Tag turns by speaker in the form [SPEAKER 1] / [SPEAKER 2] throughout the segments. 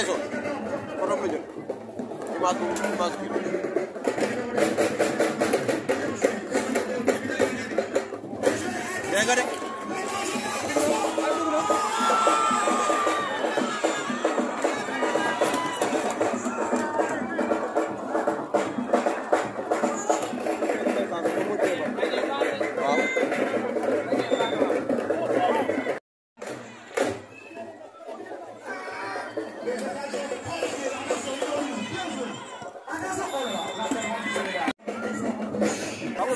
[SPEAKER 1] Tyson. Photo am na jël image bu image bi.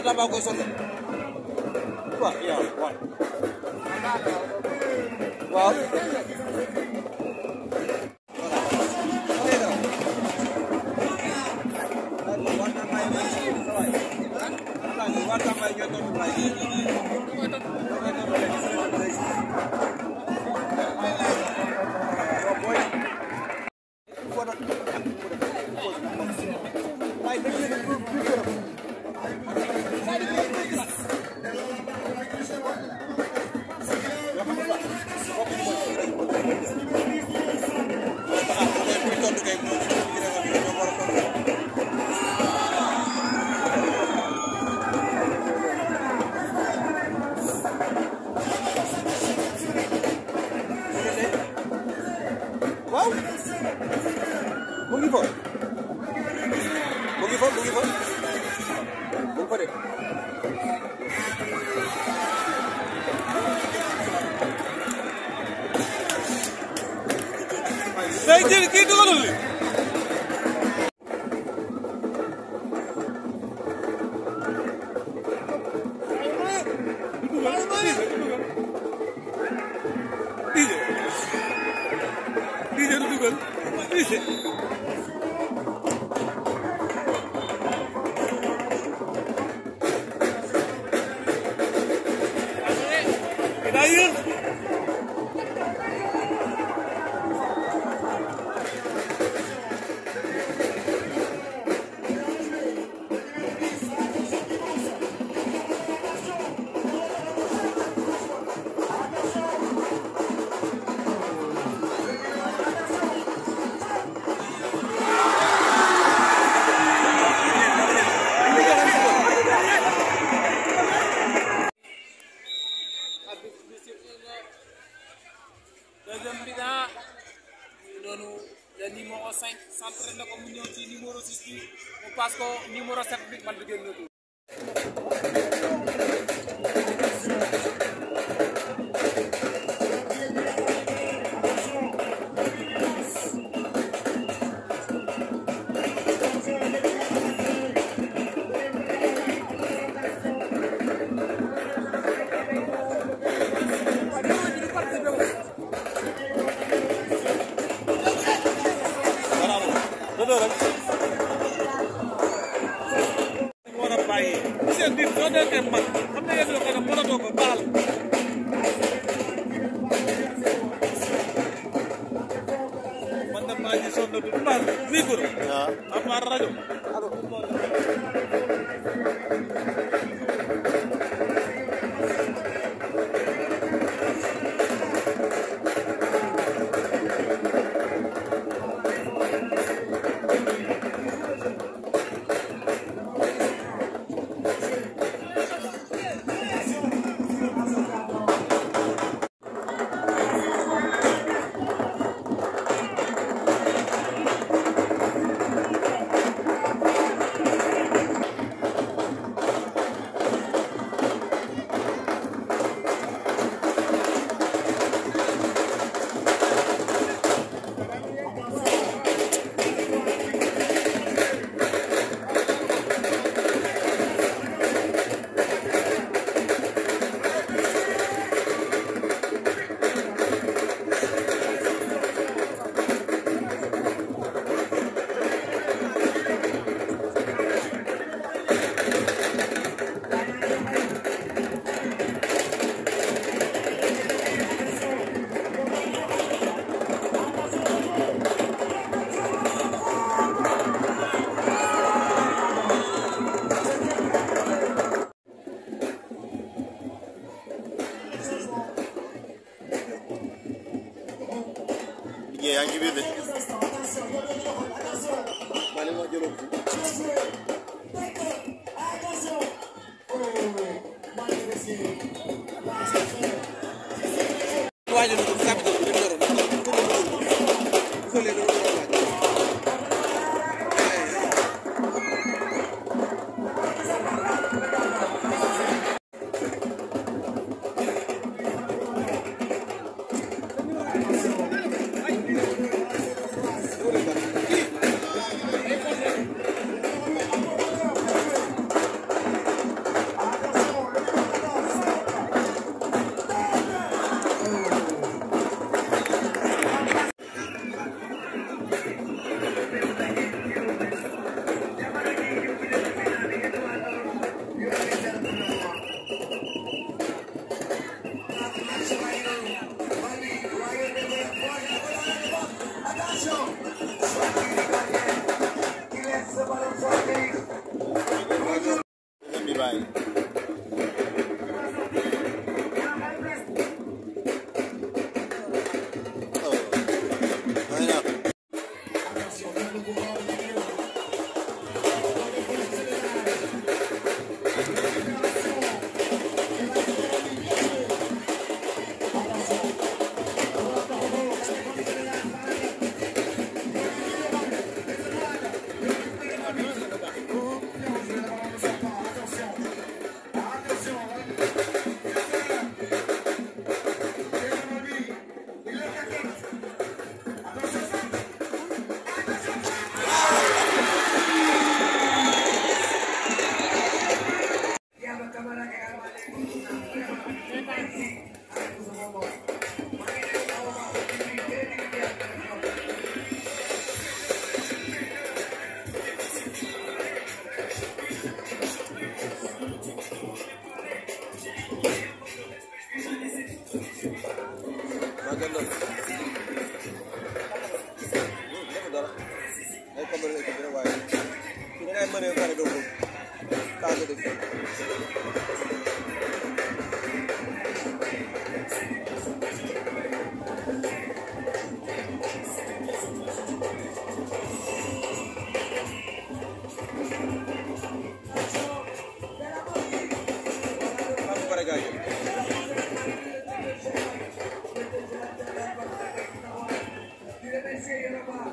[SPEAKER 1] Mata bagus. sa Wah, iya, wah. Wah. Warna main, warna main, warna main, warna main, warna main, warna main, る。泣いてる、ケートゴルフ。Dice, dice, dice. deuxième bi daa noonu le numéro 5 centré na ko mu ñëw ci numéro 6 bi mu passe ko numéro 7 bi ko baal man de maa ngi sonn du micro. waaw am rajo. Thank you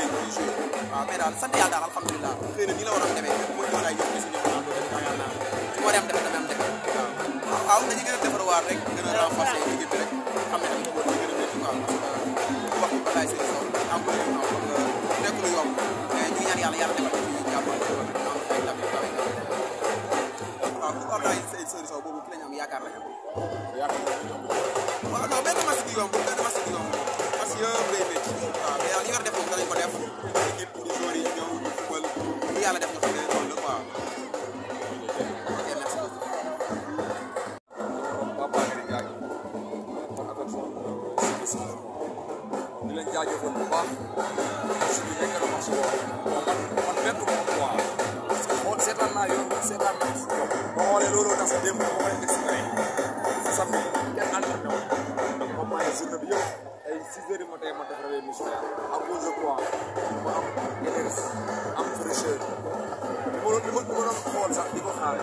[SPEAKER 1] tey jii joué waaw mais daal sant yàlla daal alhamdulilah xëy na nii la waroon demee mooy doon ay yóbbu suñu xanaa doo demee yaakaar naa su ma dem defe dana am defe waaw waaw nañu gën a defarwaat rek gën a renforcé liggéey bi rek xam ne am na boobu gën a métti quoi wax bi balaay seen soxla am bëri am xam nga nekk lu yomb mais ñu ngi ñaan yàlla yàlla defal ñu jàppal defal ñu am ay ndam yu kawe waaw bu am laay seen soxla boobu ki la ñu am yaakaar rek waaw non benn match bi yomb jaajëfoon bu baax ma si woo man man bettu ko quoi parce que xool seetaan naa yoon seetaan naa si bopp boo xoolee looloo tax démb ba koy expliqué samedi si ànd ak ñoom ba maye journée bi ma def réveil musique de quoi ma am énergie am fraîcheur ma li ma doon xool sax di ko xaare